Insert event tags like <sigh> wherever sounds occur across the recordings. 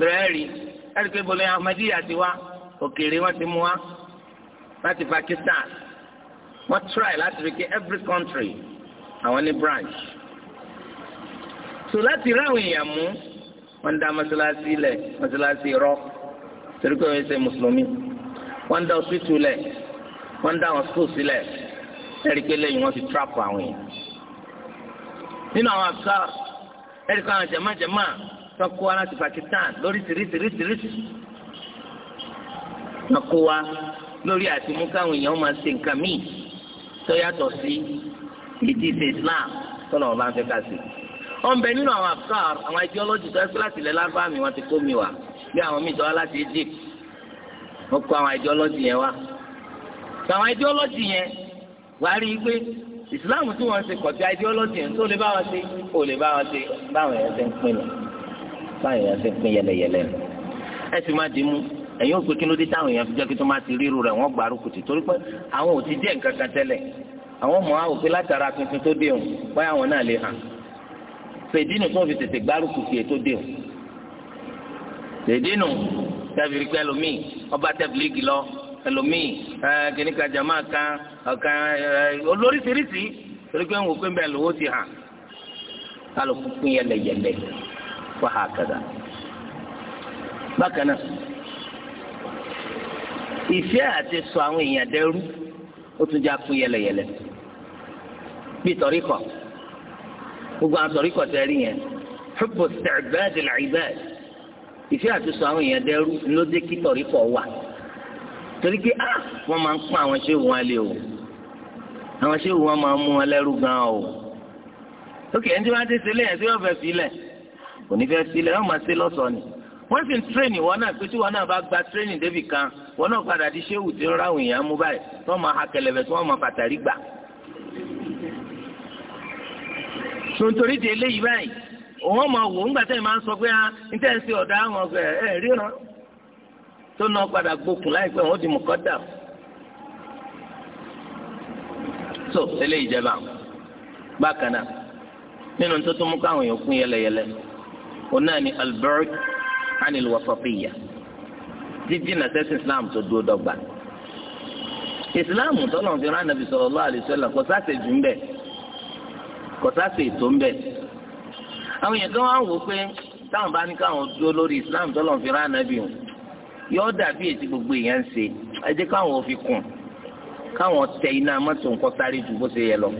bẹ̀rẹ̀rì ẹ̀ríkẹ́ bọ́lẹ̀ ahmadiyya ti wá òkèèrè wọn ti mú wá láti Pakistan wọ́n try láti rí i every country àwọn ní branch so láti ráwọn èèyàn mú wọ́n dá mọ́sálásí lẹ̀ mọ́sálásí rọ́ torí pé wọ́n ṣe mùsùlùmí wọ́n dá ọ̀sùtù lẹ̀ wọ́n dá àwọn skul sílẹ̀ ẹ̀rí pé lẹ́yìn wọ́n ti trap àwọn èèyàn nínú àwọn àbúkà ẹ̀rí pé àwọn jẹ̀májẹ̀má tọ́kọ wa láti Pakistan lórí tìrìtìrìtìrìtì tọ́kọ wa lórí àti mú káwọn èèyàn máa ṣe nǹkan míì tó yàtọ̀ sí ìdí ìṣe Islam tọ́lọ̀ ọba ń fẹ́ ká sí. wọ́n bẹ nínú àwọn afkar àwọn ideology tó ẹgbẹ́ láti ilẹ̀ lábá mi wọ́n ti kó mi wá bí àwọn míì tó wá láti Egypt wọ́n kó àwọn ideology yẹn wá. àwọn ideology yẹn wà á rí i pé Islam tí wọ́n ṣe kọ̀tí ideology yẹn tó lè bá wọn ṣe kò lè bá wọn ṣe báwọn yẹn ṣe ń pín báyìí yẹn ti pín yẹlẹyẹlẹ nù ẹ sì má dì í mú ẹ̀yin ò pé kí ló dé táwọn èèyàn fi jẹ́ kí tó má ti ríru rẹ̀ wọ́n gbárùkù tì torí pé àwọn ò ti jẹ́ nǹkan kan tẹ́lẹ̀ àwọn ọmọ àwọn òpin látara tuntun tó dé òun báyà wọn náà lè hàn fèdí nù tó fi tètè gbárùkù tì tó dé òun fèdí nù tẹ́bi rí pé ẹlòmíì ọba tẹ́bi lígì lọ ẹlòmíì kìnnì kan jàmá kan ọ̀kan olóríṣiríṣi torí pé ń wò lówó ti hàn kálukú yẹlẹyẹlẹ fàhákàdà. bákan náà ìfẹ́ àti sọ àwọn èèyàn dẹ́rú ó tún jẹ́ àpò yẹlẹyẹlẹ bí tọ́ríkọ̀ gbogbo àwọn tọ́ríkọ̀ tẹ́ rí yẹn hubbu isti'bad al-ibad ìfẹ́ àti sọ àwọn èèyàn dẹ́rú ló dé kí tọ́ríkọ̀ wà torí pé ah wọ́n máa ń pọ́n àwọn ṣé wọn lé o àwọn ṣé wọn máa ń mú wọn lẹ́rú gan o. ókè ẹni tí wọ́n á ti sílẹ̀ ẹ̀ tí wọ́n fẹ́ fi kò ní fẹ́ sílẹ̀ yóò máa ṣe lọ́sọ̀ọ́ ni wọ́n sì ń wọn náà pé tí wọn náà bá gba tírénì débì kan wọn náà padà di ṣéwù tí ó ráwùn èèyàn mú báyìí tí máa ha kẹlẹ̀bẹ̀ tí wọ́n máa pàtàrí gbà. sòǹtòrí di eléyìí báyìí òun máa wò ó máa ń sọ pé ah níta ẹ̀ ń ṣe ọ̀dà àwọn ọ̀gbẹ́ ẹ̀ ríran tó náà padà gbókùn láìpẹ́ wọn di mọ̀kọ́dà. eléyìí jẹba bákan náà nínú tó tó mú káwọn èèyàn òun náà ni albert anil wasafiya jíjìnà sẹ́sìn islam tó dúró dọ́gba islam tọ́nà fi rán nàbì sallallahu alaihi wasallam kò sáà sèjú ń bẹ̀ kò sáà sètò ń bẹ̀ àwọn èèyàn kan wá wò pé táwọn bá ní káwọn dúró lórí islam tọ́nà fi rán nàbì wọn yóò dàbí ètí gbogbo èèyàn ṣe ẹ jẹ́ káwọn ò fi kùn káwọn tẹ iná mọ́tò ńkọ́ sáré ju bó ṣe yẹ lọ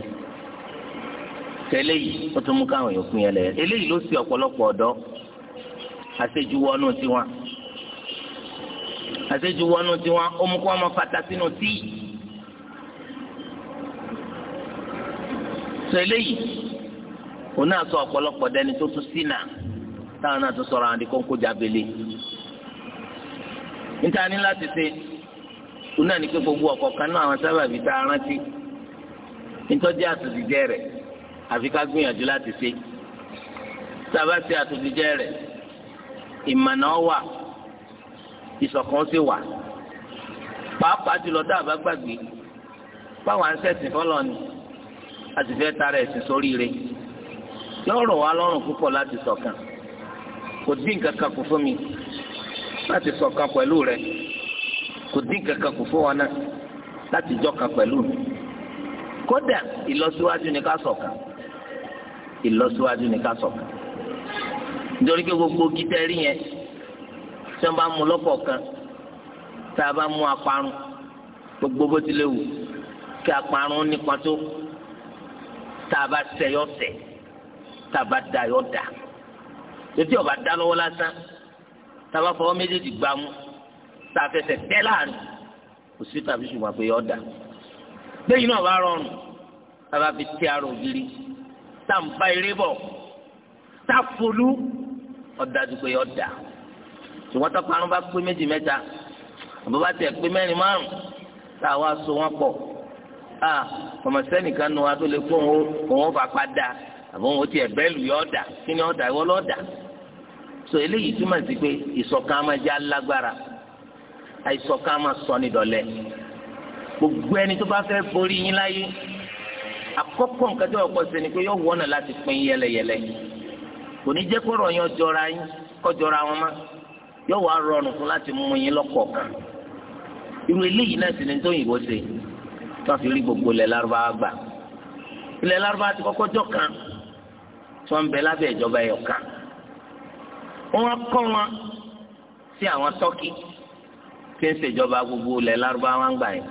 tẹ́lẹ̀ yìí ó tún mú káwọn yòókù yẹn lẹ̀ eléyìí ló sì ọ̀pọ̀lọpọ̀ ọ̀dọ́ àṣejù wọnú tiwọn àṣejù wọnú tiwọn ó mú kó wọn fata sínú tíì sọ eléyìí òun náà sọ ọ̀pọ̀lọpọ̀ dẹni tó tún sínà táwọn náà tún sọ̀rọ̀ àwọn àdìkọ́ńkó jábẹ́lẹ́ níta ní láti ṣe òun náà ní pé gbogbo ọ̀kọ̀ọ̀kan náà àwọn sábàbí tá a rántí nítọ́jú àtúntìjẹ́ rẹ̀ àfi ká gbìyànjú láti ṣe sábà ṣe àtúntìjẹ rẹ ìmọ̀nà wà ìṣọ̀kan sì wà pàápàá jùlọ tá a bá gbàgbé báwa ń ṣẹ̀sìn fọlọ́ ni a sì fẹ́ tara ẹ̀sìn sóríire yóò rọ̀ wá lọ́rùn púpọ̀ láti ṣọ̀kan kò dín nǹkan kan kù fún mi láti ṣọ̀kan pẹ̀lú rẹ kò dín nǹkan kan kù fún wa náà láti jọ́kan pẹ̀lú mi kódà ìlọsíwájú ni ká ṣọ̀kan ìlọsíwájú ní ká sọ nítorí pé gbogbo gítẹ́rì yẹn tí wọ́n bá mú lọ́pọ̀ kan tá a bá mú aparun gbogbo bó ti lè wù kí aparun nípa tó tá a bá sẹ yọ sẹ tá a bá da yọ da ètí ọba dá lọ́wọ́ lásán tá a bá fọwọ́ méjèèjì gbá mú tá a fẹsẹ̀ tẹ́ láàrin kò sí tàbí ṣùgbọ́n pé yọ da gbẹ̀yìn náà bá rọrùn tá a bá fi tẹ́ ara ògiri tá à ń bá eré bọ̀ tá a folú ọ̀dájú pé ọ̀dà ṣùgbọ́n tó parun bá pé méjì mẹ́ta àbúrò bá tẹ̀ pé mẹ́rin márùn tá a wá so wọn pọ̀ a ọmọ sẹ́nìkan nu wa tó lè fún òun òun fapá da àbọ̀ òun tiẹ̀ bẹ́ẹ̀lù yọ ọ̀dà kí ni ọ̀dà ìwọ́ lọ́ọ̀dà so eléyìí túmọ̀ sí pé ìṣọ̀kan máa jẹ́ alágbára àìṣọ̀kan máa sọ nídọ̀lẹ́ gbogbo ẹni tó bá fẹ́ borí yín láyé àkọ́kọ́ nǹkan tó yẹ kó ṣe ni pé yóò wọ́nà láti pín yẹlẹyẹlẹ kò ní jẹ́ kóró yẹn jọra yín kó jọra wọn má yóò wá rọrùn fún láti mú yín lọ́kọ̀ọ̀kan irú eléyìí náà sì ni tó yìnbó ṣe tó fi rí gbogbo ilẹ̀ lárúbáwá gbà ilẹ̀ lárúbáwá ti kọ́kọ́ jọ kan tó ń bẹ lábẹ́ ìjọba ẹ̀yọ̀ kan wọ́n kọ́ wọn sí àwọn tọ́kì tí ń ṣèjọba gbogbo ilẹ̀ lárúbáwá gbà yẹn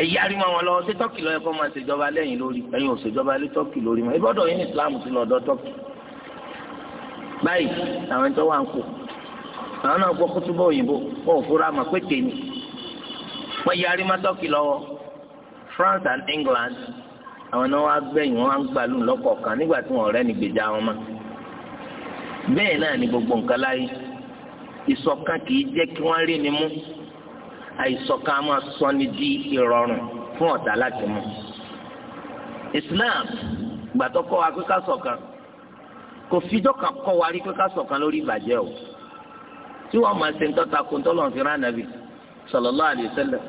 èyí arimọ wọn lọ ṣé tọkì lọọ yẹ kó máa ṣèjọba lẹ́yìn lórí ẹ̀yin ò ṣèjọba lé tọkì lórí mọ́ ìbọdọ yìí ní islam ti lọ́dọ̀ tọkì báyìí àwọn ẹni tó wà ń kó àwọn náà gbọ́ kótóbọ òyìnbó wọn ò fura mà pé tèmi wọn yẹ tọkì France and England àwọn náà wọn ń gbàlù nígbà tí wọn ní gbèjà wọn náà gbogbo nǹkan láyé kì í àìṣọ̀kan máa sọ ni di ìrọ̀rùn fún ọ̀tá láti mú Islam gbàtọ́ kọ́ wa pé ká ṣọ̀kan kò fijọ́ kan kọ́ wa rí pé ká ṣọ̀kan lórí ìbàjẹ́ o tí wọ́n máa ṣe ń tọ́ta kó ń tọ́lọ̀ fi rán ànábì sallallahu alaihi wasallam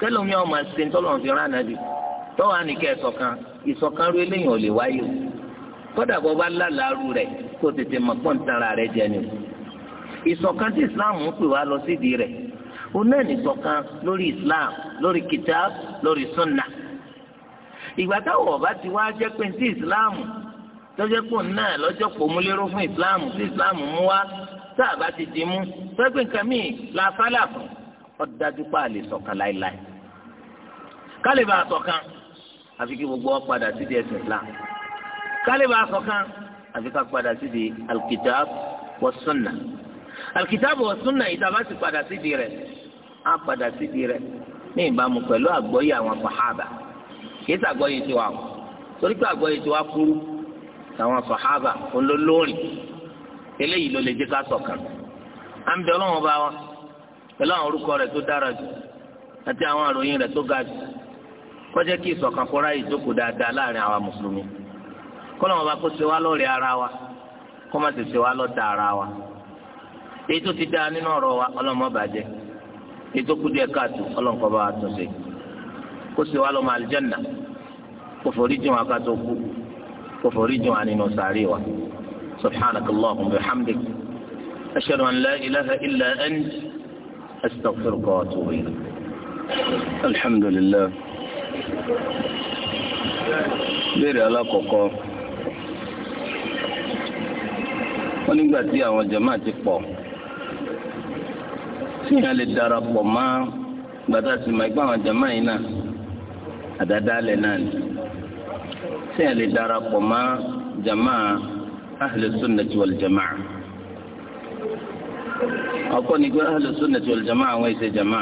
kẹlòmí ọmọ ẹsẹ ńtọ́lọ́n fi rán ànábì tọ́wọ́ ànìkẹ́ ìṣọ̀kan ìṣọ̀kan rú eléyìí ò lè wáyé o kódà bó bá lálàárù rẹ̀ kó tètè mọ̀ pọ́ǹtara rẹ̀ jẹ ni o ìṣọ̀kan Islam ń pè òun náà nìṣọ̀kan lórí islam lórí kitab lórí sunna ìgbà táwọn ọba ti wá jẹ́ pé ti islam lọ́jọ́ pò náà lọ́jọ́ pò mú lérò fún islam tí islam mú wá tá a bá ti di mú sẹ́gbẹ̀ẹ́ nǹkan míì la fálà fún ọ̀dájú pa àlè ṣọ̀kan láéláé kálíbà ṣọ̀kan àfi kí gbogbo wa padà sí di ẹ̀sìn islam kálíbà ṣọ̀kan àfi ká padà sí di alkitab wa sunna alkitab wa sunna ìtàbá ti padà sí di rẹ̀ á padà síbi rẹ̀ ní ìbámu pẹ̀lú àgbọ́yé àwọn sàhábà kìí sàgbọ́yé tiwa o torí pé àgbọ́yé tiwa kúrú àwọn sàhábà olólórin eléyìí ló lè jẹ́ ká ṣọ̀kan à ń bẹ ọlọ́run bá wa pẹ̀lú àwọn orúkọ rẹ tó dára jù àti àwọn àròyìn rẹ tó ga jù kó kí ìṣọ̀kan kó ráyè jókòó dáadáa láàrin àwa mùsùlùmí ara wa kó má ṣe ara wa èyí tó ti dáa nínú ọ̀rọ̀ wa ètò kúndé káàtó ọlọ́nkọ́ bá tó ṣe kó ṣe wá lọ́mọ àlìjẹ́nà kó forí jìn wá kátó kú kó forí jìn wá nínú sàárè wa subhanakallahumma wa bihamdik ashhadu an la ilaha illa anta astaghfiruka wa alhamdulillah béèrè alákọ̀ọ́kọ́ wọ́n nígbà tí àwọn jàmáà ti pọ̀. èèyàn lè darapọ̀ mọ́ gbàtà sí ma ẹgbẹ́ àwọn jama yìí náà náà ni lè darapọ̀ mọ́ jama jamaa ọkọ ni pé ahlu jamaa àwọn ẹsẹ jama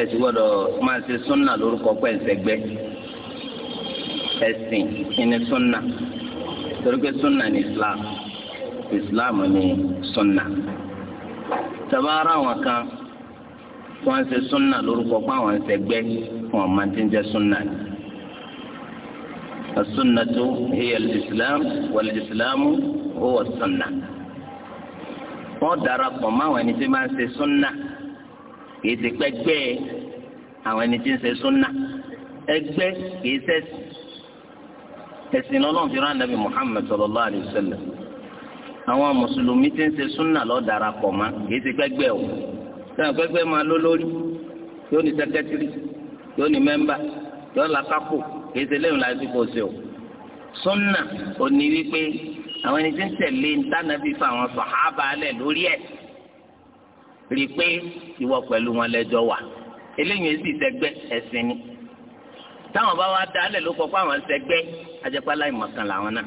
ẹsì gbọ́dọ̀ máa ṣe sunna lórúkọ pẹ̀nsẹ̀gbẹ ẹ̀sìn ìní sunna islam islam ni sunna. tabara àwọn kan wọ́n ṣe súnà lórúkọ pé àwọn ṣe gbẹ wọ́n máa ti ń jẹ súnà ni. السنة هي الإسلام والإسلام هو السنة wọ́n darapọ̀ mọ́ àwọn ẹni tí máa ń ṣe súnà kì í ti pẹ́ gbẹ́ àwọn ẹni tí ń ṣe súnà ẹgbẹ́ kì í ṣẹ̀sìn ẹ̀sìn lọ́lọ́run Muhammad sallallahu alayhi wa sallam àwọn mùsùlùmí tí ń ṣe súnà lọ darapọ̀ mọ́ kìí ṣe gbẹ́gbẹ́ o sẹ́wọ̀n gbẹ́gbẹ́ máa ló lórí yóò ní sẹ́kẹ́tìrì yóò ní mẹ́mbà yóò la kápò kìí ṣe lẹ́yìn láti kó ṣe o. súnà ò ní wípé àwọn ẹni tí ń tẹ̀lé ntánàbí fún àwọn sàhábà alẹ̀ lórí ẹ̀ rí i pé ìwọ pẹ̀lú wọn lẹ́jọ́ wà eléyìí èsì sẹ́gbẹ́ ẹ̀sìn ni táwọn bá wá dálẹ̀ ló kọ́ fún àwọn sẹ́gbẹ́ ajẹ́pálá ìmọ̀kan làwọn náà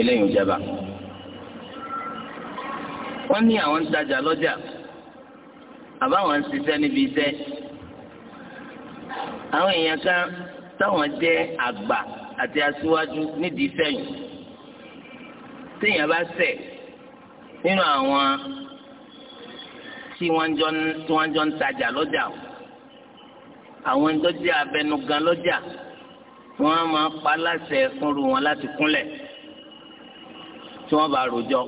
eléyìí ò jẹba wọ́n ní àwọn ń tajà lọ́jà àbáwọn ń ṣiṣẹ́ níbi iṣẹ́ àwọn èèyàn kan táwọn jẹ́ àgbà àti aṣíwájú nídìí sẹ́yìn téèyàn bá ṣẹ̀ nínú àwọn tí wọ́n jọ ń tajà lọ́jà àwọn ń abẹnugan lọ́jà wọ́n máa pa láṣẹ fúnru wọn láti kúnlẹ̀ tí wọ́n bá rojọ́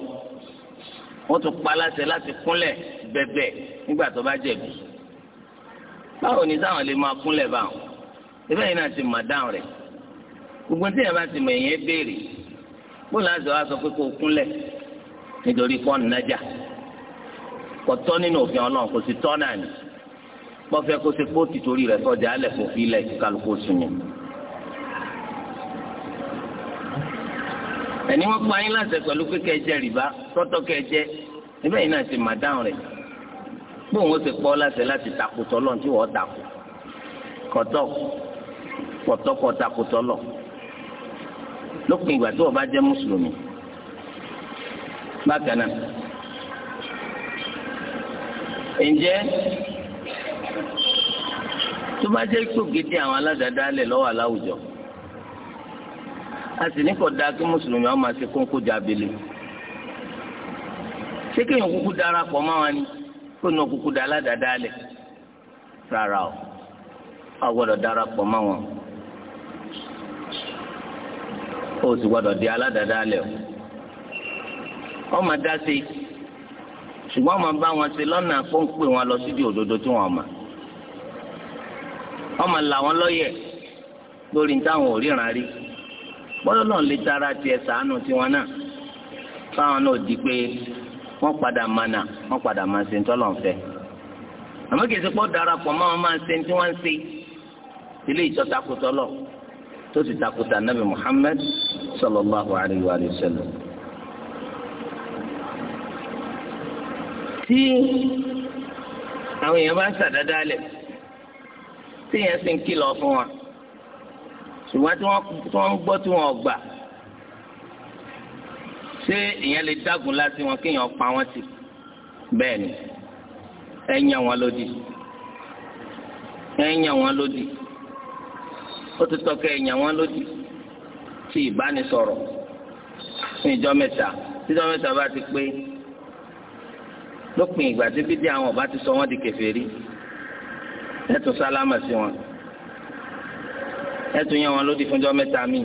wọ́n tún pa láṣẹ láti kúnlẹ̀ bẹ̀bẹ̀ nígbà tó bá jẹ̀bi báwo ni táwọn lè máa kúnlẹ̀ báwọn ibẹ̀ yìí náà ti mà dáhùn rẹ̀ gbogbo tí yẹn bá ti mọ èèyàn béèrè bó láti wá sọ pé kó kúnlẹ̀ nítorí kọ́ọ̀nù nájà kò tọ́ nínú òfin ọlọ́run kò sì tọ́ náà ni wọ́n fẹ́ kó ṣe kóòtù torí rẹ̀ sọ́jà alẹ́ kò fi ilẹ̀ kálukú sùn ẹni wọn pa yín láṣẹ pẹ̀lú pé kẹjẹ rìbá tọtọ kẹjẹ níbẹ̀ yìí náà ti mà dáhùn rẹ bó wọn ti pọ láṣẹ láti takùtọ lọ tí wọn takù kọtọ pọtọkọ takùtọ lọ lópin ìgbà tí wọn bá jẹ mùsùlùmí bákan náà ǹjẹ́ tó bá jẹ́ kó gidi àwọn aládàáda lẹ̀ lọ́wọ́ aláwùjọ. a sì ní kò dáa kí mùsùlùmí ọmọ àti kónkó jà abẹ́lé ṣé kéèyàn kúkú darapọ̀ mọ́ wọn ni kó nà kúkú da aládàáda lẹ̀ rárá o a gbọ́dọ̀ o sì gbọ́dọ̀ di aládàáda lẹ̀ o ọmọ dá sí ṣùgbọ́n ọmọ bá wọn ṣe lọ́nà wọn lọ síbi òdodo tí wọ́n mọ̀ ọmọ lọ́yẹ̀ lórí táwọn bọ́dọ̀ náà lè tara tiẹ̀ sàánù tiwọn náà fáwọn náà di pé wọ́n padà mana wọ́n padà máa ṣe ńtọ́lọ̀ ńfẹ́ àmọ́ kìí ṣe pọ́ darapọ̀ máa ṣe tí wọ́n ń ṣe ilé ìjọ tó sallallahu alayhi wa sallam. tí àwọn èèyàn bá ń ṣàdádálẹ̀ tí èèyàn sì ń kìlọ̀ fún ṣùgbọ́n tí wọ́n ń gbọ́ tí wọ́n gbà ṣé ìyẹn lè dágun láti wọn kéèyàn pa wọn tì bẹ́ẹ̀ ni ẹ yàn wọn lódì ẹ yàn wọn lódì ó ti tọ́ka ẹ yàn wọn lódì tí ìbánisọ̀rọ̀ fún ìjọ mẹ́ta tí ìjọ mẹ́ta bá ti pé lópin ìgbà tí bídí àwọn ọba ti sọ wọn di kèfèrí ẹ tún sálámà sí wọn ẹtùn yẹn wọn ló di fúnjọ mẹ́ta mi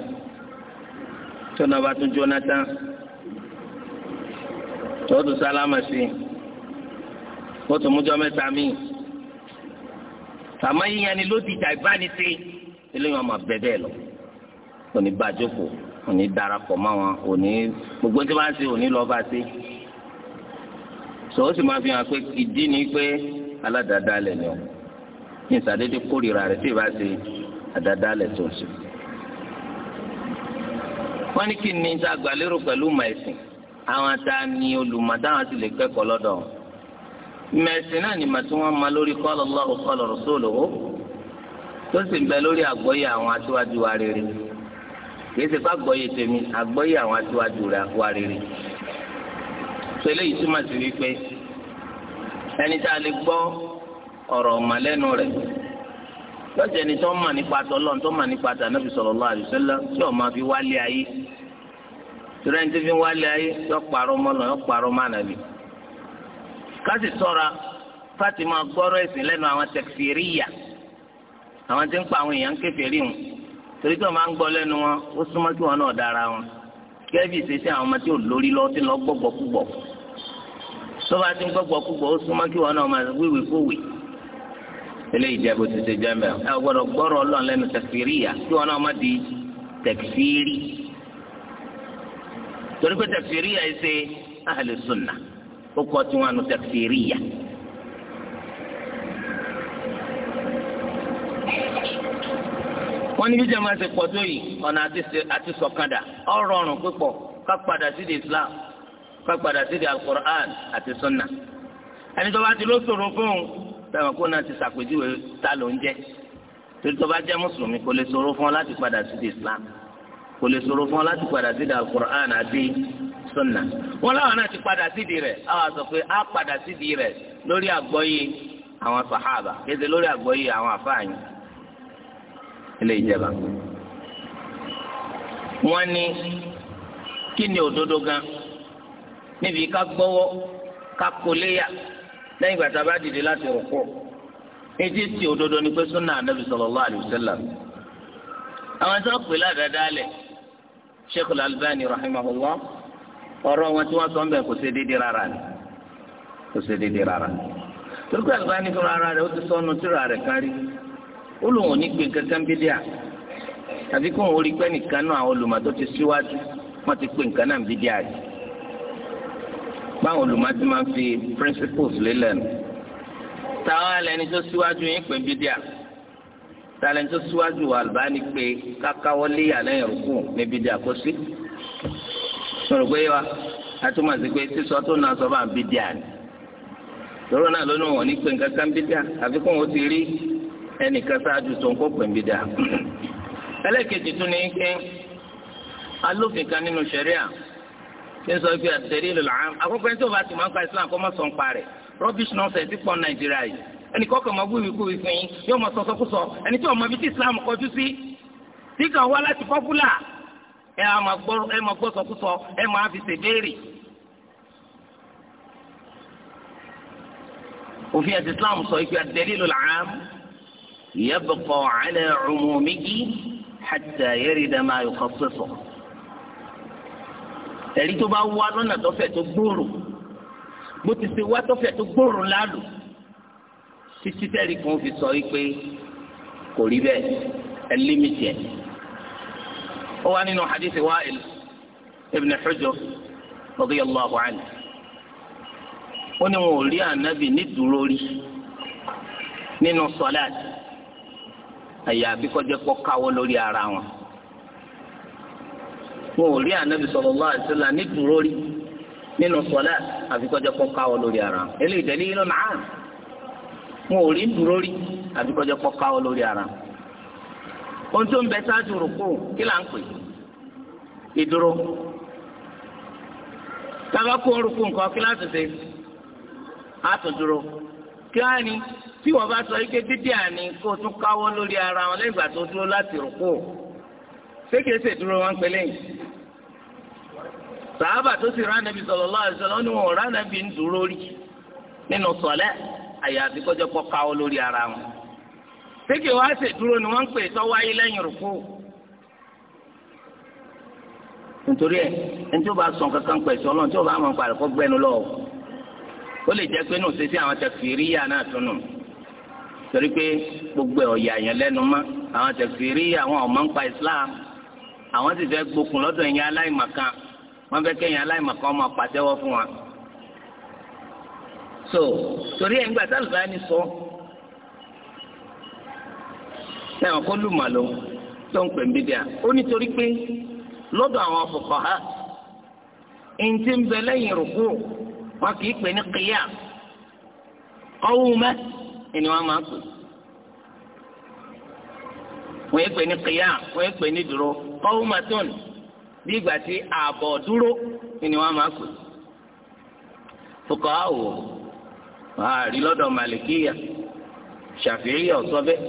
tó náà bá tún jóná tán tó tún sálámà sí i ó tún mújọ mẹ́ta mi àmọ́ yíyan ni ló di ìjà ìbánisí eléyìí wọn máa bẹ bẹ́ẹ̀ lọ òní bàjókòó òní darapọ̀ mọ́ wọn òní gbogbo tí wọ́n á ṣe òní lọ́ọ́ bá ṣe sọ ó sì máa fi hàn pé ìdí ni pé aládàáda lẹ̀ ni ọ ní ìsàdédé kórìíra rẹ̀ tí bá ṣe àdádálẹ̀ tó ń sè. wọ́n ní kí ni ta gbàlérò pẹ̀lú mẹ̀sìn àwọn ta ni olùmọ̀ táwọn sì lè kẹ́kọ̀ọ́ lọ́dọ̀ mẹ̀sìn náà ni màtí wọ́n ma lórí qala Allahu qala rasuluhu tó sì ń bẹ lórí àgbọ́yé àwọn aṣíwájú wa rere kìí ṣe fàgbọ́yé tèmi àgbọ́yé àwọn aṣíwájú wa rere. pẹ̀lẹ́ yìí túmọ̀ sí wípé ẹni tá a lè gbọ́ ọ̀rọ̀ ọ̀mà lẹ́nu rẹ̀ lọ́jọ́ ẹni tó mà nípa tọ́lọ́ tó mà nípa tànàbí sallallahu alaihi wasallam tí ó fi wálé ayé tìrẹ́ǹtì fi wálé ayé yọ pààrọ̀ mọ́lọ̀ yọ pààrọ̀ mánàbí. kásì sọ́ra fátima gbọ́rọ̀ ẹ̀sìn lẹ́nu àwọn tẹ̀kfìríyà àwọn tí ń pa àwọn èèyàn kékeré wọn torí tí wọn máa ń gbọ́ lẹ́nu wọn ó súnmọ́ kí wọn náà dára wọn kẹ́bí ìṣesí àwọn ọmọ tí ò lórí lọ wọn náà máa wíwèé eléyìí jẹ́ bó ti ṣe jẹ́ mẹ́ ẹ gbọ́dọ̀ gbọ́rọ̀ ọlọ́run lẹ́nu tẹ̀síríyà kí wọn náà má di tẹ̀sírí torí pé tẹ̀síríyà yìí ṣe ahlu sunna ó kọ́ tí wọn nu tẹ̀síríyà. wọ́n ní bíjà máa ṣe pọ̀ yìí ọ̀nà àti sọ̀kadà ọ̀rọ̀ ọ̀rùn pípọ̀ ká padà sí di Islam ká padà sí di al àti sunna ẹni tó bá ti ló fún un táwọn kó náà ti sàpèjúwe ta ló ń jẹ́ torí tó bá jẹ́ mùsùlùmí kò lè ṣòro fún ọ láti padà sí di islam kò lè ṣòro fún ọ láti padà sí di alukur'an àti sunna wọn láwọn náà ti padà sí di rẹ̀ àwọn sọ pé a padà sí di rẹ̀ lórí àgbọ́yé àwọn sàhábà kéde lórí àgbọ́yé àwọn àfáàyàn ilé ìjẹba wọn ní kí ni òdodo gan níbi ká gbọ́wọ́ ká kó léyà lẹ́yìn ìgbà tá a bá dìde láti rúkú ètí tí òdodo ni pé súnà anábì sallallahu alaihi wasallam àwọn tí wọ́n pè ládàáda lẹ̀ sheikh al-Albani rahimahullah ọ̀rọ̀ wọn tí wọ́n sọ ń bẹ̀ kò ṣe déédéé rárá ni kò ṣe déédéé rárá ni torí pé Albani fúnra ara rẹ̀ ó ti sọ ọ́nù tíra rẹ̀ kárí ó ní gbé kankan bídíà àti kóun ó rí pẹ́ nìkan náà olùmọ̀ tó ti síwájú wọ́n ti pè nǹkan náà bídíà yìí ba olùmọ̀tí máa ń fi principles lélẹ̀ nù táwa lẹni tó síwájú yín siwaju bídíà táwa lẹni tó síwájú wà lùbáni pé kákáwọlé àlẹyìn rúkú ní bídíà kó sí sọ̀rọ̀ pé wa atúmọ̀ sí pé sísọ tó náà sọ bá ń bídíà ni lọ́rọ̀ náà lónìí wọn ní pé nǹkan kan àfikún ó ti rí ẹnìkan ṣáájú tó ń kó ní sọ pé àtẹ̀lé ìlú làám àkọ́kọ́ ẹni tó bá ti máa ń pa Islam kọ́ mọ́ sọ ń pa rẹ̀ rubbish nonsense ti pọ̀ Nàìjíríà yìí ẹnì kọ́kọ́ máa wíwí kú wí fún yín yóò máa sọ̀sọ́ kú sọ ẹni tí ọmọ bíi ti Islam kọjú sí tí kàn wá láti pọ́pùlà ẹ máa gbọ́ sọkúsọ ẹ máa fi ṣèbéèrè. òfin ẹ̀sìn Islam sọ ìpè àtẹ̀lé ìlú làám yabqa ala umumihi hatta yarida ẹ̀rí tó bá wá lọ́nà tọ́fẹ̀ tó gbòòrò bó ti ṣe wá tọ́fẹ̀ tó gbòòrò láàlú títí tẹ́rì kan fi sọ wípé kò rí bẹ́ẹ̀ ẹ límìtì ẹ̀. ó wá nínú hadith Wa'il ibn Hujr radiyallahu anhu ó ní wọn ò rí ànábì ní dúró rí nínú sọláàtì àyàfi kọjá pọ́ káwọ́ lórí ara wọn. wọn ò rí ànábì sallallahu alaihi wasallam ní dúró rí nínú sọlá àfikọ́jọ́ ara eléyìí tẹ̀lé yìí lọ́nà àrùn wọn ò rí dúró rí àfikọ́jọ́ pọ́ káwọ́ lórí ara ohun tó ń bẹ sáájú rúkú kí là ń pè ìdúró tabakú orúkú nǹkan kí ṣe àtúndúró kí á ní tí bá sọ ike dídí àní kó o tún ara wọn tó dúró láti ṣé kìí ṣèdúró wọn sàábà tó sì rán anabi sallallahu alaihi ni wọn rán anabi ń dúró rí nínú sọlẹ àyàfi kọjá káwọ lórí ara wọn sékè wá ṣe dúró ni wọn ń pè tọwáyé lẹ́yìn rúkú nítorí ẹ ẹni tí ó bá sọ kankan pẹ lọ tí ó bá mọ gbẹnu lọ ó lè jẹ pé nù náà tún nù torí pé gbogbo yẹn àwọn àwọn Islam àwọn wọ́n fẹ́ kéèyàn aláìmọ̀kan ọmọ pàtẹ́wọ́ fún wa. so torí ẹ̀ ń gbà sálùfà ni sọ sẹ́wọ̀n kó lùmọ̀ ló tó ń pè ń bíbí à ó nítorí pé lọ́dọ̀ àwọn ọ̀fọ̀kọ̀ ha ẹni tí ń bẹ lẹ́yìn rùkú wọn kì í pè ní kíyà ọ̀hún mẹ́ ẹni wọn máa pè wọ́n yẹ pè ní kíyà wọ́n yẹ pè ní dúró ọ̀hún mẹ́tọ́nù. bí ìgbà tí ààbọ̀ dúró ni wọ́n máa pè. fúkọ́ àwò àárí lọ́dọ̀ màlìkíyà ṣàfihàn ọ̀sọ́ bẹ́ẹ̀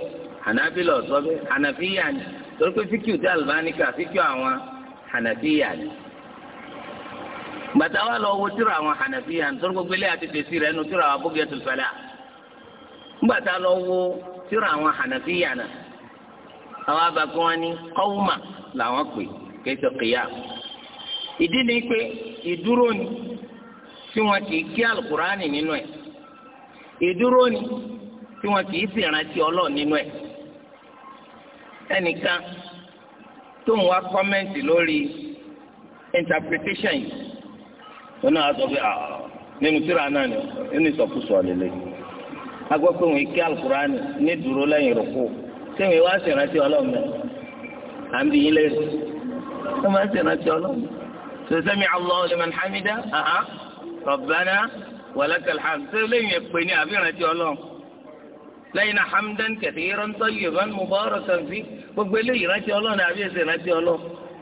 hànábìlà ọ̀sọ́ bẹ́ẹ̀ hànàfíyà ni torí pé fíkìú tí àlùbáníkà fíkìú àwọn hànàfíyà ni. gbàtà wà lọ tíra àwọn hànàfíyà ni torí gbogbo ilé àti rẹ̀ tíra gbàtà tíra àwọn ni kìí ṣe ìdí ni pé ìdúró ni tí wọn kì í kí alukurani nínú ẹ ìdúró ni tí wọn kì í sì rántí Ọlọ́run nínú ẹ ẹnìkan tó ń wá kọ́mẹ́ǹtì lórí interpretation yìí wọn náà sọ pé nínú tíra náà ni ẹni sọkúsọ lélẹ̀ agbọ́ pé wọn kí alukurani ní dúró lẹ́yìn rúkú kí wọn wá sì rántí wọ́n máa ń ṣèrántí ọlọ́run sami Allahu liman hamida rabbana walakal hamd ṣé lẹ́yìn èpè ní àbírántí ọlọ́run lẹ́yìn náà hamdan kathiran tayyiban mubarakan fi gbogbo eléyìí rántí ọlọ́run àbí ẹsẹ̀ rántí ọlọ́run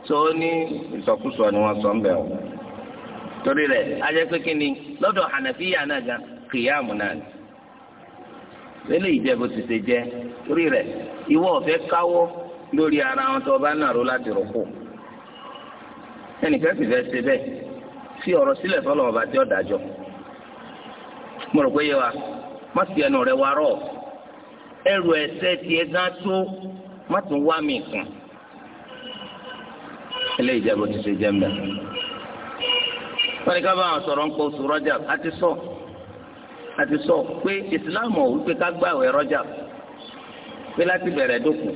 tó ní ìsọkúsọ ni wọ́n sọ ń bẹ̀ ọ́ torí rẹ̀ ajẹ́ pé kí ni lọ́dọ̀ hànàfíyà náà gan kìyàmù náà ni eléyìí jẹ́ bó ti ṣe jẹ́ torí rẹ̀ ìwọ ọ̀fẹ́ káwọ́ lórí ara wọn tó bá nàró láti rò kù ẹnìkan sì fẹ́ ṣe bẹ́ẹ̀ fi ọ̀rọ̀ sílẹ̀ fọlọ́ ọba tí ó dájọ́ mo rò pé yé wa má sì ẹnu rẹ wá rọ̀ ẹrù ẹ̀ṣẹ̀ tiẹ̀ gán tó má tún wá mi kàn ilé ìjẹ́bù ti ṣe jẹ́ mbẹ́ wọ́n ní ká bá wọn sọ̀rọ̀ ń pọ̀ oṣù rọ́jà àti sọ àti sọ pé ìsìláàmù ò wípé ká gbààwẹ̀ rọ́jà pé láti bẹ̀rẹ̀ dókun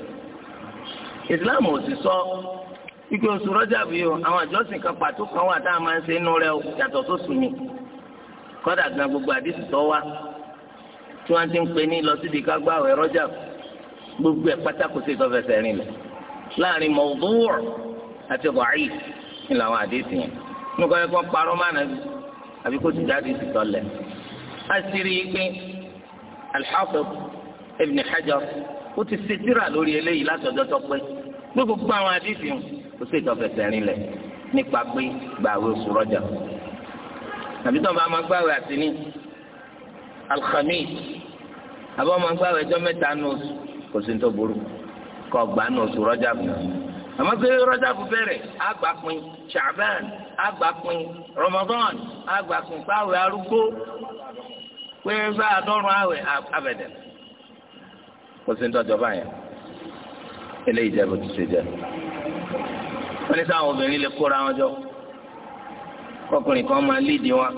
ìsìláàmù ò sì sọ ike oṣù rọ́jà bí o àwọn àjọsìn kan pàtó kan wà tá a máa ń ṣe inú rẹ o yàtọ̀ tó sùn mí kọ́dà gan gbogbo àdìsí tó wá tí wọ́n ti ń pè ní lọ síbi ká gbá àwẹ̀ rọ́jà gbogbo ẹ̀ pátákó sí ìtọ́fẹsẹ̀ rìn lẹ̀ láàrin mọ̀ọ́dúnwọ̀ àti wàhálì ní làwọn àdìsí yẹn nígbà yẹn kó parọ́ mánà àbí kó ti jáde sí tọ́lẹ̀ àṣírí pé al-Hafiz Ibn Hajar ó ti ṣe kò sí ìtọ́fẹsẹ̀ rin lẹ̀ nípa pé gbààwé oṣù rọ́jà àbí tó ń bá máa gbààwé àtìní alhamis àbí wọ́n máa gbààwé ẹjọ́ mẹ́ta nù oṣù kò sí tó burú kọ́ gbà nù oṣù rọ́jà fún un àmọ́ pé rọ́jà fún bẹ̀rẹ̀ àgbàpin shaban àgbàpin ramadan àgbàpin gbààwé arúgbó pé bá a dọ́rùn àwẹ̀ abẹ̀dẹ̀ kò sí tó jọba yẹn eléyìí jẹ́ bó ti ṣe jẹ́ wọ́n ní sáwọn obìnrin lè kóra wọn jọ kọkùnrin kan máa léde wọn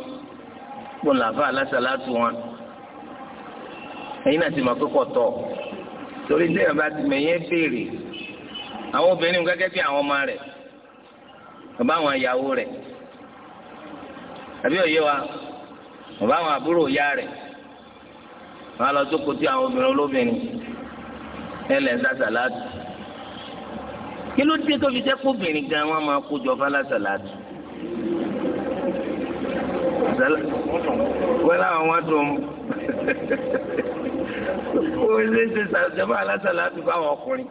kó làbá alásàlátù wọn ẹ̀yin náà ti mọ̀ pé kọ̀tọ̀ torí déyàn bá ti mẹ̀yẹ́ béèrè àwọn obìnrin gẹ́gẹ́ bí àwọn ọmọ rẹ̀ bàbá àwọn ìyàwó rẹ̀ àbí òye wa bàbá àwọn àbúrò ìyá rẹ̀ wọn á lọ jókòó tí àwọn obìnrin olóbìnrin ẹ̀ lẹ́ ń sàṣàlátù kí ló dé tó fi jẹ́ kóbìnrin gan wọn máa kó jọ fálásàlátù. wọ́n láwọn wọn tó mú ó ṣe ṣe ṣàjọba alásàlátù fáwọn ọkùnrin.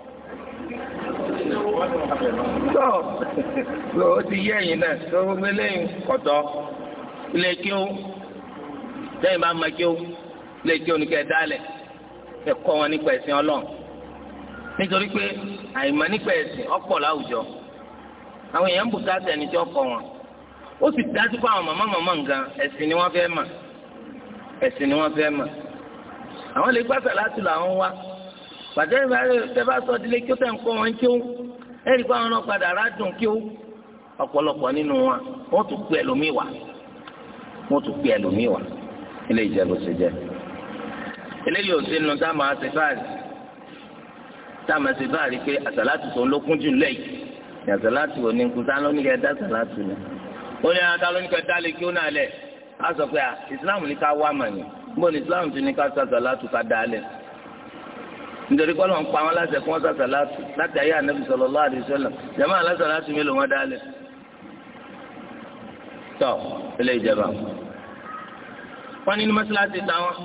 tó tó o ti yé ẹ̀yin náà tó o gbé lẹ́yìn kọ̀tọ́ ilé kí o lẹ́yìn bá máa kí o ilé kí o ní kẹ́ ẹ dálẹ̀ ẹ kọ́ wọn nípa ẹ̀sìn ọlọ́run. nítorí pé àìmọ̀ nípa ẹ̀sìn ọ̀pọ̀ láwùjọ àwọn èèyàn ń bùkátà ẹni tí wọn ó sì dájú pé àwọn màmá ni wọn fẹ́ mà ẹ̀sìn ni wọn fẹ́ mà àwọn lè gbàgbà láti lọ àwọn wá pàtẹ́ ìfẹ́ bá sọ kí ó tẹ̀ ń kọ́ wọn kí ó ẹ̀rí pé àwọn náà rádùn kí ó ọ̀pọ̀lọpọ̀ nínú wọn tún pé ẹlòmíì wá tún pé ẹlòmíì wá ilé ìjẹ́ ló táwọn ẹsẹ̀ bá rí i pé àsàlátù tó ń lókun jù lẹ́yìn ní àsàlátù ò ní nkú tá ló ní kẹ́ dá àsàlátù ni ó ní ata ah, ló ní kẹ́ dá lè kí ó náà lẹ̀ á sọ pé ìsìláàmù ah, ní ká wá màní níbo ni ìsìláàmù ti ní ká sọ àsàlátù ká dá lẹ̀ nítorí pé wọn pa wọn láti ẹkún wọn sọ àsàlátù láti ayé ànábì sallallahu alaihi wasallam jàmá àlásàlátù mélòó wọn dá lẹ̀ tọ́ ilé ìjọba wọn ní mọ́sálásí táwọn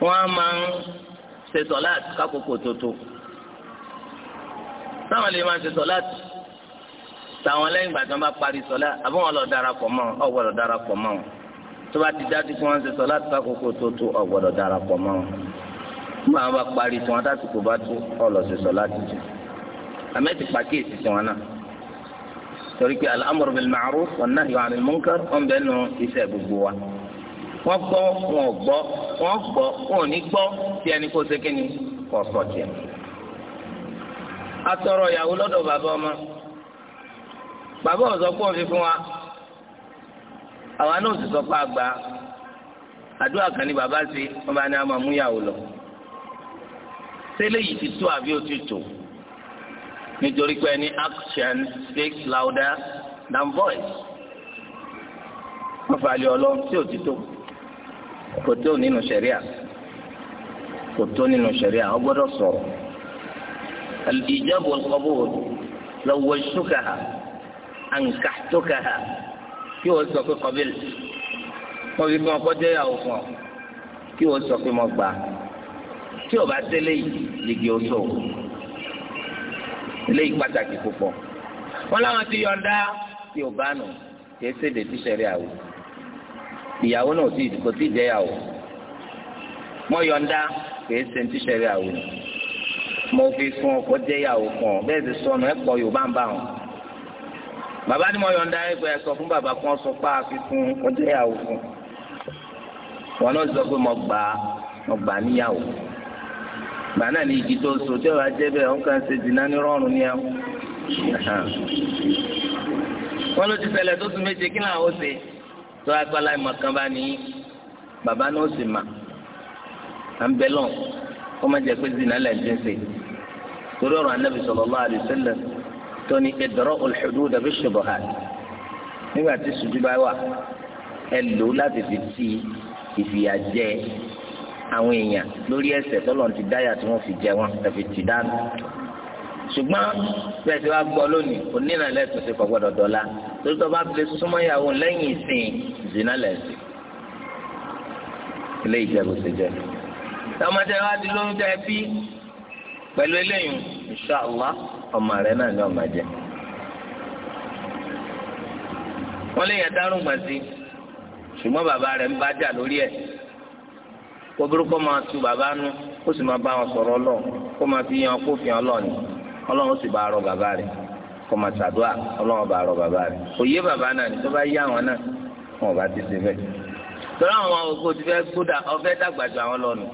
wọn máa ń ṣe sọláàtì kákòókò tótó táwọn lè máa ṣe sọláàtì táwọn lẹ́yìn ìgbà tí wọ́n bá parí sọlá àbí wọ́n lọ darapọ̀ mọ́ ọ gbọ́dọ̀ darapọ̀ mọ́ tó bá ti dájú pé wọ́n ṣe sọláàtì kákòókò tótó ọ gbọ́dọ̀ darapọ̀ mọ́ nígbà wọ́n bá parí tí wọ́n dásìkò bá tó ọ lọ ṣe sọláàtì jù àmẹ́tì pàkíyèsí tí wọ́n náà torí pé al-amru bil ma'ruf wan nahyu 'anil munkar ọ̀nbẹ́nu wọ́n gbọ́ wọn ò gbọ́ wọ́n gbọ́ wọn ò ní gbọ́ tí ẹni kó ṣe kíni kọ sọ tiẹ̀. atọrọ ìyàwó lọ́dọ̀ bàbá ọmọ bàbá ọ̀sọ́ pọ̀ fi fún wa àwa náà sì sọ pé àgbà àdúrà kan ní bàbá ṣe wọn bá ní a máa mú ìyàwó lọ ṣẹlẹ̀ yìí ti tó àbí ó ti tó nítorí pé ẹni action speaks louder than voice wọ́n fà lé ọlọ́run tí ò ti kò tó nínú sẹ̀ríà kò tó nínú sẹ̀ríà ó gbọ́dọ̀ sọ̀rọ̀ al-ijab wal-qabul zawwajtukaha ankahtukaha kí wọ́n sọ pé kọ́bíl wọ́n fi fún ọ kọ́jọ́ ìyàwó fún ọ kí wọ́n sọ pé mo gbà tí o bá tẹ́lẹ̀ yìí lègi o sọ eléyìí pàtàkì púpọ̀ wọ́n láwọn ti yọ̀ǹda tí o bá nù kí ẹ ṣèdè tíṣẹ̀rí àwọn ìyàwó náà kò tí ì jẹ́yàwó mo yọ̀ǹda kìí ṣe ti ṣẹlẹ̀ àwọn mo fi fún ọkọ jẹ́yàwó kan bẹ́ẹ̀ ti sọnù ẹ̀pọ̀ yorùbá ń bá wọn bàbá ni mo yọ̀ǹda ẹgbẹ́ ẹ sọ fún bàbá kan sọ pé a fi fún ọkọ jẹ́yàwó fún wọn náà sọ pé mo gbà mo gbà níyàwó gbà náà ní igi tó so tí ọba jẹ bẹ́ẹ̀ wọn kàn ṣe dìná ní rọrùn ní ẹwọn wọn ló ti ṣẹlẹ̀ tó tún méje kí làwọn ó ṣe tó agbára ìmọ̀kan bá ní bàbá náà sì mà à ń bẹ lọ kó má jẹ pé zina lẹ̀ ń dín sí torí ọ̀rọ̀ anábì sallallahu alaihi wasallam tó ní idra'ul hudud bish-shubuhat nígbà tí sùdú bá wà ẹ lò láti fi ti ìfìyà jẹ àwọn èèyàn lórí ẹ̀ṣẹ̀ tọlọ ti dáyà tí wọn fi jẹ wọn tàbí ti dànù ṣùgbọ́n bẹ́ẹ̀ tí gbọ́ lónìí onínàlẹ́ tó ṣe kọ́ gbọ́dọ̀ dọ́là torí tó bá fi súnmọ́ ìyàwó lẹ́yìn ìsìn zina lẹ́sìn ilé ìjẹ́bù ti jẹ́ tọmọdé wa di lóyún tẹ bí pẹ̀lú eléyìí inṣàlá ọmọ rẹ náà ní ọmọ jẹ wọ́n lè yẹn dárùn gbọ̀n sí ṣùgbọ́n bàbá rẹ̀ ń bá jà lórí ẹ̀ kó burúkú máa tu bàbá nu kó sì máa bá wọn sọ̀rọ̀ lọ kó máa fi yan kó fi hàn lọ ni ọlọ́run sì bá arọ bàbá rẹ̀ kó máa ṣàdúrà ọlọ́run bá arọ bàbá rẹ̀ òye bàbá náà ni tó bá yé àwọn náà wọn ò bá ti ṣe bẹ́ẹ̀. tọ́lá àwọn ogo ti fẹ́ gbódà ọfẹ́ dàgbà ju àwọn lọ́nu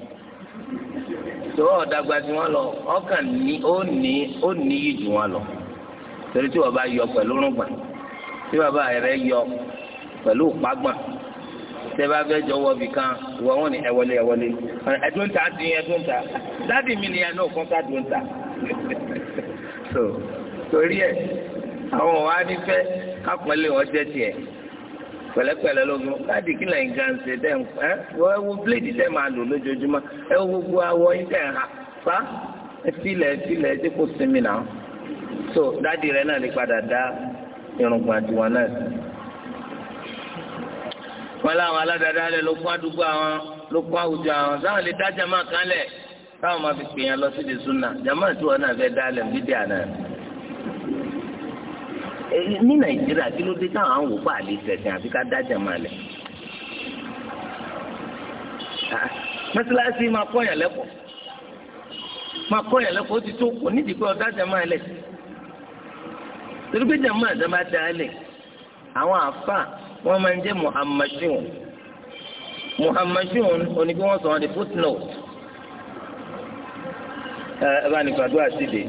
tó ọ̀dàgbà ju wọn lọ ọkàn ní ó ní ó níyì ju wọn lọ torí tí wọ́n bá yọ pẹ̀lú rúgbà tí bàbá rẹ̀ yọ pẹ̀lú pàgbà tẹ́bá fẹ́ jọ wọ bìkan wọ́n wọ́n ní ẹ̀wọ́lé ẹ̀wọ́lé ẹ̀dùn ta ti ẹ̀dùn ta dáàdì mi ni ẹnu òkun ká dùn ta <laughs> torí ẹ̀ àwọn wàá nífẹ̀ẹ́ kápẹ́lẹ́ wọn tiẹ̀ pẹ̀lẹ́pẹ̀lẹ́ lógun káàdì kí lẹ́yìn gan ṣe dẹ ẹ wọ́n wo bíléèdì dẹ máa lò lójoojúmọ́ ẹ wo gbogbo awọ yín dẹ ha fa ẹtìlẹ ẹtìlẹ ẹtì kò sinmi náà so dáàdi rẹ náà lè padà dá irungun àtiwọn náà sí. wọn láwọn aládàáda lẹ ló kún àdúgbò àwọn ló kún àwùjọ àwọn sáwọn lè dá jama kan lẹ táwọn máa fi pè yẹn lọ sí di sunna jama tí wọn náà fẹ́ dá lẹ fídíà náà ní nàìjíríà kí ló dé táwọn àwọn òwò àlè tẹ̀sìn àfi ká dájà máa lẹ̀. mọ́sálásí máa kọ́yàn lẹ́kọ̀ọ́ máa kọ́yàn lẹ́kọ̀ọ́ ó ti tó kò nídìí pé ọ̀dájà máa lẹ̀. torí pé jàmbá àdámá dá lẹ̀ àwọn àfa wọn máa ń jẹ́ muhammadun muhammadun òní bí wọ́n sọ wọn di footnote. ẹ bá ní fàdúrà síde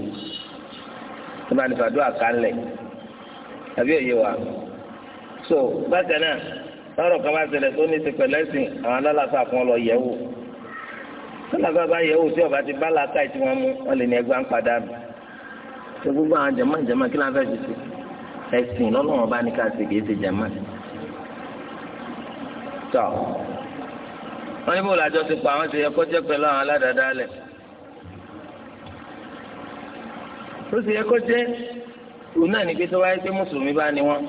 ẹ bá ní fàdúrà kálẹ̀ àbí òye wa so bákan náà lọ́rọ̀ kan bá ṣẹlẹ̀ tó ní ti pẹ̀lẹ́sìn àwọn alálàáfà kan lọ yẹ̀ wò sọlọ́fà bá yẹ̀ wò tí ọba ti bá làákà tí wọ́n mú wọn lè ní ẹgbẹ́ ń padà nù tó gbogbo àwọn jàmá jàmá kí láǹfà ti ṣe ẹ̀sìn lọ́lọ́wọ́n bá ní ká ṣe kìí ṣe jàmá tọ́ wọ́n ní làjọ ti pa àwọn ṣe yẹ kó jẹ́ àwọn aládàáda lẹ̀ ó sì yẹ kó òun náà ní pé tó wáyé pé mùsùlùmí bá ní wọn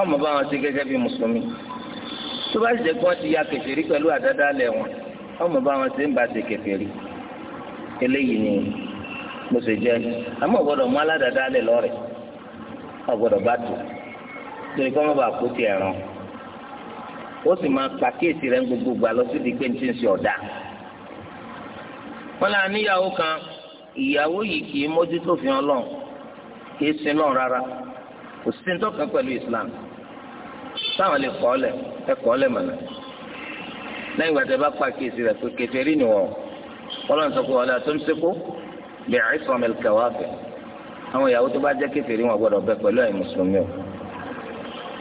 ọmọ bá wọn ti gẹ́gẹ́ bí mùsùlùmí tó bá ti ya kèfèrí pẹ̀lú àdáda lẹ̀ wọn ọmọ bá wọn ń ba eléyìí ni mo sì jẹ́ àmọ́ ọ̀gbọ́dọ̀ mú aládàáda lẹ̀ lọ́rẹ̀ ọ̀gbọ́dọ̀ bá tù torí kọ́ mọ́ bá kó tiẹ̀ rán ó sì máa gbogbo gbà lọ sí ibi pé ti ń ṣe ọ̀dà wọn là ìyàwó yìí kì í mójútó fi hàn lọ́n kì í sin lọ́n rárá kò sí ntọ́ka pẹ̀lú Islam táwọn lè kọ́ ọ lẹ̀ ẹ kọ́ ọ lẹ̀ mọ̀nà lẹ́yìn ìgbà tẹ bá pa kéésì rẹ̀ pé kèfèrí ni wọ́n ọlọ́run sọ pé ọ̀la tó ń sekú lè àìsàn mẹ́lìkẹ́ wá bẹ̀ àwọn ìyàwó tó bá jẹ́ kèfèrí wọn gbọ́dọ̀ bẹ pẹ̀lú ẹ̀ mùsùlùmí o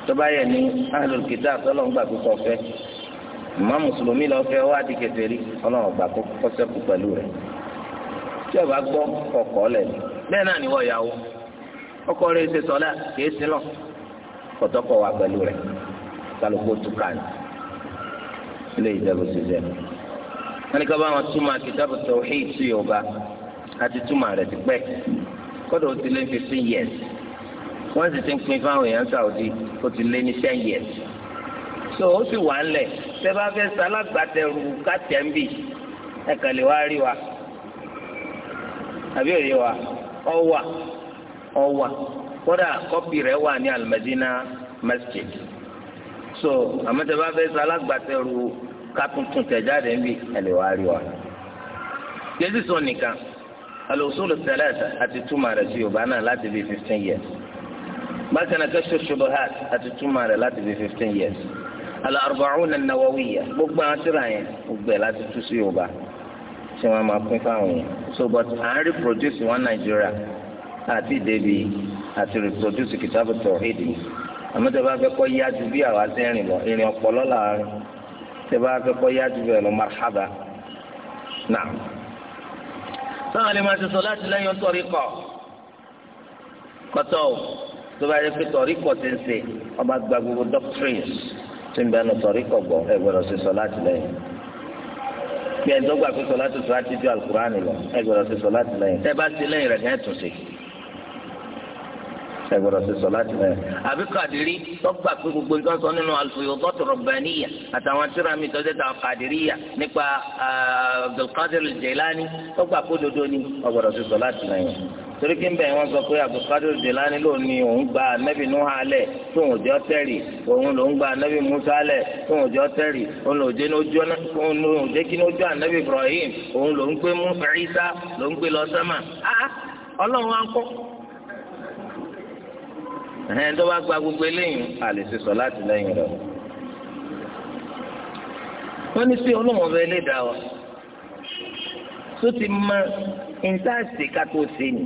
tó bá yẹ ní ahlul kitab àtọ́lọ́ tó sọ fẹ́ ìmọ̀ mùsùlùmí lọ́ọ́ fẹ́ wá di kèfèrí ọlọ́run gbà kó kọ́sẹ́kù pẹ̀lú rẹ̀ tí ọba gbọ́ kọ̀kọ́ lẹ̀ bẹ́ẹ̀ náà ni wọ́n yà wọ́ ọkọ rẹ̀ ṣe sọ́lá kìí sí lọ kọ̀tọ́kọ̀ wà pẹ̀lú rẹ̀ kálukú túkà ní ilé ìjẹ́bù sí jẹ́ wọ́n ní ká bá wọn túmọ̀ kìtàbù tawhid sí Yorùbá àti túmọ̀ rẹ̀ ti pẹ́ kọ́dọ̀ ó ti lé fifteen years wọ́n sì ti ń pín fáwọn èèyàn Saudi ó ti lé ní ten years so ó sì wà ń lẹ̀ tẹ́ bá fẹ́ sálágbàtẹ̀rù kátẹ́ńbì ẹ̀kànlẹ̀ wá rí wa àbí òye wa ọwà ọwà kódà kọ́pì rẹ̀ wà ní alimadina masjid so àmọ́tẹ́bá fẹ́ sọ alágbàtẹ́rù katuntun tẹ̀jáde ńbí ẹ̀lẹ́ wàá rí wa. jésù sọ nìkan alòsùlù tẹ̀lẹ́tà àti túmọ̀ rẹ̀ sí yorùbá náà láti bí fifteen years bákan náà kẹ́sọ̀ ṣubuhat àti túmọ̀ rẹ̀ láti bí fifteen years al-arba'una an-nawawiyya gbogbo àwọn tíra yẹn gbogbo ẹ̀ láti tú sí yorùbá tí wọ́n máa pín fáwọn yẹn so but I ń reproduce one Nigeria àti ìdẹ́bi àti reproduce kìtàbù tawhid ni àmọ́ tẹ bá fẹ́ kọ́ yá ju bí àwa ṣe ń rìn lọ ìrìn ọ̀pọ̀lọ́ làárín tẹ bá fẹ́ kọ́ yá ju bẹ́ẹ̀ lọ marhaba náà. sáwọn lè máa ṣe sọ láti lẹ́yìn tọ́rí kọ̀ kọ́tọ́ o tó bá yẹ pé tọ́rí kọ̀ ti ń ṣe ọba gba gbogbo doctrines tí ń bẹ́ẹ̀ nù tọ́rí kọ̀ gbọ́ ẹ̀ ṣe sọ láti lẹ́yìn bí ẹni tó gbà pé sọlá tó sọ láti ju alukurani lọ ẹ gbọ́dọ̀ ti sọ láti lẹ́yìn tẹ bá ti lẹ́yìn rẹ kẹ tún sí ẹ gbọ́dọ̀ ti sọ láti lẹ́yìn. àbí kàdírí tó gbà pé gbogbo nǹkan sọ nínú al-Fuyudat ar àtàwọn tíramì tó dé ta kàdíríyà nípa ah, Abdul Qadir al pé dodo ni ọ gbọ́dọ̀ ti sọ láti lẹ́yìn torí kí n bẹ̀rẹ̀ wọn sọ pé abdulkadir jelani ló ní òun gba anabi nuha alẹ tó òun jọ tẹ̀rì òun ló ń gba anabi musa alẹ tó òun jọ tẹ̀rì òun ló jẹ́ kí ní ojú anabi ibrahim òun ló ń gbé mú isa ló ń gbé lọ sẹ́mà ọlọ́run á kọ́ ẹ̀hẹ́n tó bá gba gbogbo eléyìí a lè ṣe sọ láti lẹ́yìn rẹ̀ wọ́n ní sí ọlọ́run ọba ẹlẹ́dàá wa tó ti mọ ìntàsí kátó sí ni.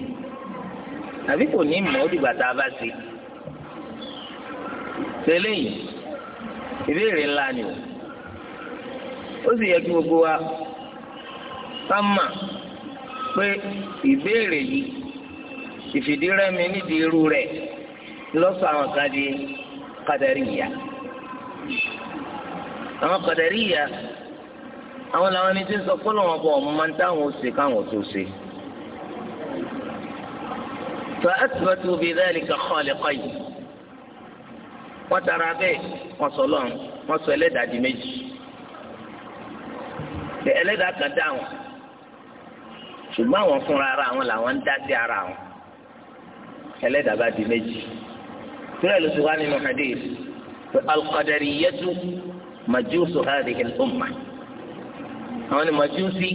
àbí kò ní mọ̀ ó dìgbà tá a bá ṣe. ni o ó sì yẹ kí gbogbo wa ká mà pé ìbéèrè yìí ìfìdírẹ́mi nídìí irú rẹ̀ lọ́sọ̀ àwọn kan di kàdàríyà àwọn kàdàríyà àwọn làwọn ẹni tí sọ pé bọ̀ ọ̀mọ́ máa ń dáhùn ó ṣe فأثبتوا بذلك خالقين وترى به وصلهم وصلى دادي méjì ẹlẹ́dàá kan dá wọn ṣùgbọ́n àwọn fúnra ara wọn làwọn ń dá sí ara wọn ẹlẹ́dàá bá di méjì tóyẹ ló ti wá nínú hadith al-qadariyatu majusu hadhihi al-umma àwọn ni majusi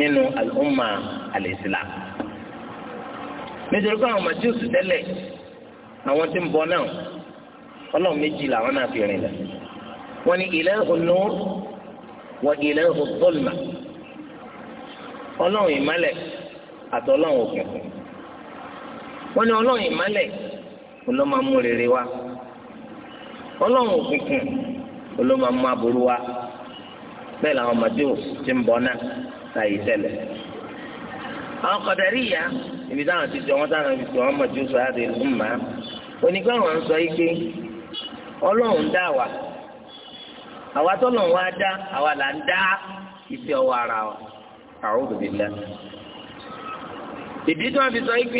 nínú al-umma al-islam. nítorí pé àwọn màjúùsì tẹ́lẹ̀ àwọn tí ń bọ náà ọlọ́run méjì làwọn náà fi rìn lẹ̀ wọ́n ní ilaahu nur wa ilaahu ọlọ́run ìmálẹ̀ àti ọlọ́run wọ́n ní ọlọ́run ìmálẹ̀ máa mú rere wá ọlọ́run máa àwọn kọ̀dàríyà ibi táwọn ti jọ wọn táwọn ti jọ wọn sọ àdé ló wa àwa wa dá àwa là ń dá ọwọ́ ara wa sọ yìí pé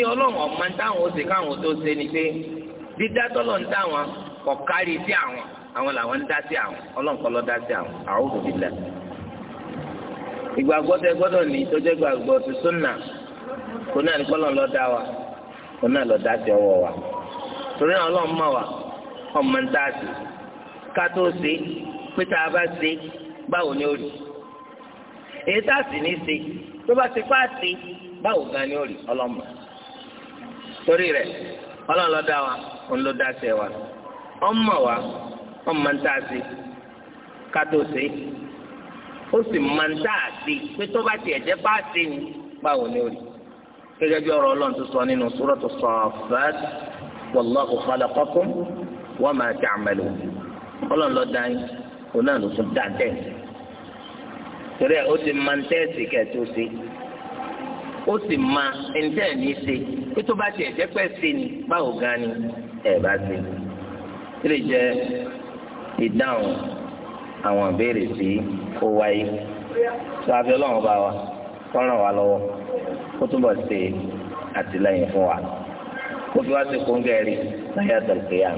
ọlọ́run táwọn ó ṣe káwọn tó ṣe ni pé dídá tọ́lọ̀ ń kọ̀ kárí sí àwọn àwọn làwọn ń ìgbàgbọ́ tẹ gbọ́dọ̀ ní ìtọ́jú ìgbàgbọ́ ti súnà kó náà ní kọ́lọ́ lọ́ọ́ wa kó náà lọ́ọ́ dá ọwọ́ wa torí náà ọlọ́run mọ̀ wá ọmọ ń ká tó ṣe pé tá a bá ṣe báwo ni ó rí èyí tá a ti pa ó sì máa ń tà á sí pé tó bá tiẹ̀ jẹ́ bá a ṣe ni báwo ni ó rí gẹ́gẹ́ bí ọ̀rọ̀ ọlọ́run tó sọ nínú Suratu Saffat wallahu khalaqakum wa ma ta'malun ọlọ́run ló dá yín òun náà ló tún dá tẹ̀ torí ẹ̀ ó ti máa ń tẹ́ẹ̀sì kẹ́ẹ̀tó ṣe ó sì máa ń tẹ́ẹ̀ ní ṣe pé tó bá tiẹ̀ jẹ́ pẹ́ ṣe ni báwo gan ni ẹ̀ bá ṣe. kí lè jẹ́ ìdáhùn àwọn ìbéèrè tí ó wáyé tó a fi ọlọ́run bá wa kó ràn wá lọ́wọ́ kó túbọ̀ ṣe àtìlẹ́yìn fún wa kó fi wá sí kóńgẹ́ rí láyé àtàlùkè yá.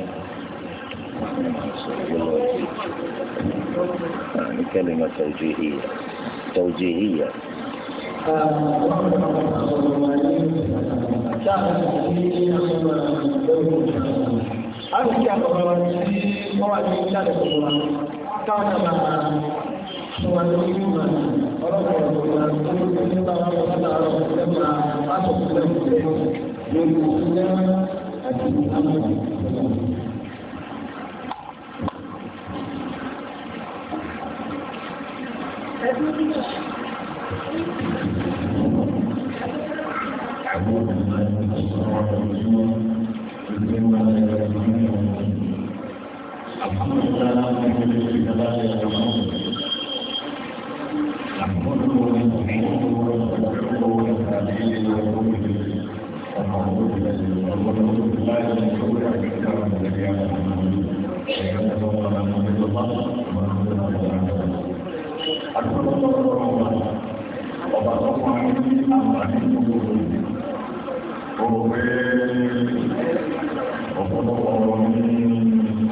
كلمة توجيهية توجيهية Àwọn ìjọba ọ̀rọ̀ tí wọ́n wà ní ìlànà ìjọba káàkàmà ṣùgbọ́n ìgbìmọ̀ ọlọ́pàá ọ̀gbọ̀n tó ń gbé nípa ọ̀rọ̀ látàrọ̀ lẹ́gbàá látọ̀kùnlẹ̀ lórí ìpínlẹ̀ àti àwọn ìpínlẹ̀ òwe ọ̀pọ̀lọpọ̀ ní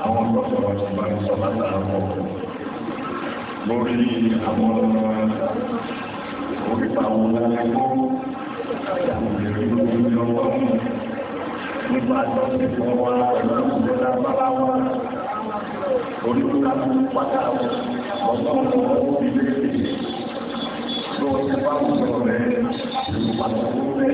àwọn ọ̀pọ̀lọpọ̀ ìjọba ìsọ̀lá àtàràpọ̀ lórí àwọn orípa àwọn ọ̀lẹ́kọ́ àti àwọn ìrìnlẹ̀ lórí ọwọ́ nípa àtọ́sí fún wa pẹ̀lú ìjọba bábá wa oníkùnkà pátá ọ̀sán ọ̀pọ̀ ìlé lórí ìpapọ̀ rẹ̀ ìpapọ̀ rẹ̀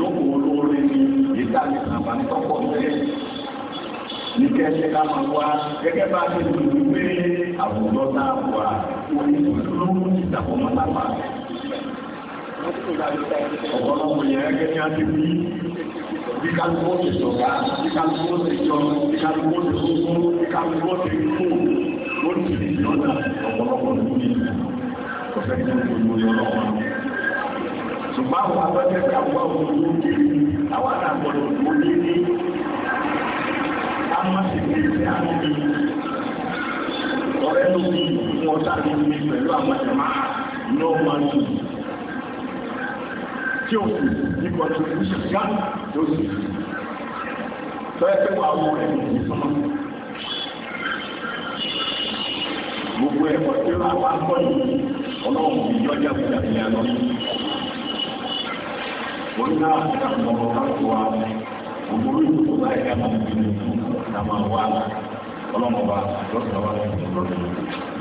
ìdókòwò lóore ní ìta ní àǹfààní tọ́pọ̀ nílẹ̀ ní kẹ́sẹ̀ ká máa wá gẹ́gẹ́ bá ti dùn ní pé àwùjọ náà wà orí lóhùn ìdàpọ̀ mọ́tàpá. ọ̀pọ̀lọpọ̀ yẹn gẹ́gẹ́ bí a ti wí bí kálukó ti sọ̀gá bí kálukó ti jọ bí kálukó ti kókó bí ti kú ó ti di lọ́nà ọ̀pọ̀lọpọ̀ lórí ọ̀fẹ́ tó gbogbo yọ lọ́wọ́. ti pẹ̀lú àwọn ẹ̀má ní tí ó kù ní contribution gá tó sì fẹ́ẹ́ wà wọ́n ẹ̀ gbogbo ẹ̀kọ́ tí ó wà kọ́ ní ọlọ́run ìjọjà fún ìyá lọ. ó ní àwọn ọmọ káàkiri wa gbogbo ìlú láì ká máa ń gbé ní ìlú náà máa wá ọlọ́mọba lọ́sọ̀rọ̀ wa lọ́sọ̀rọ̀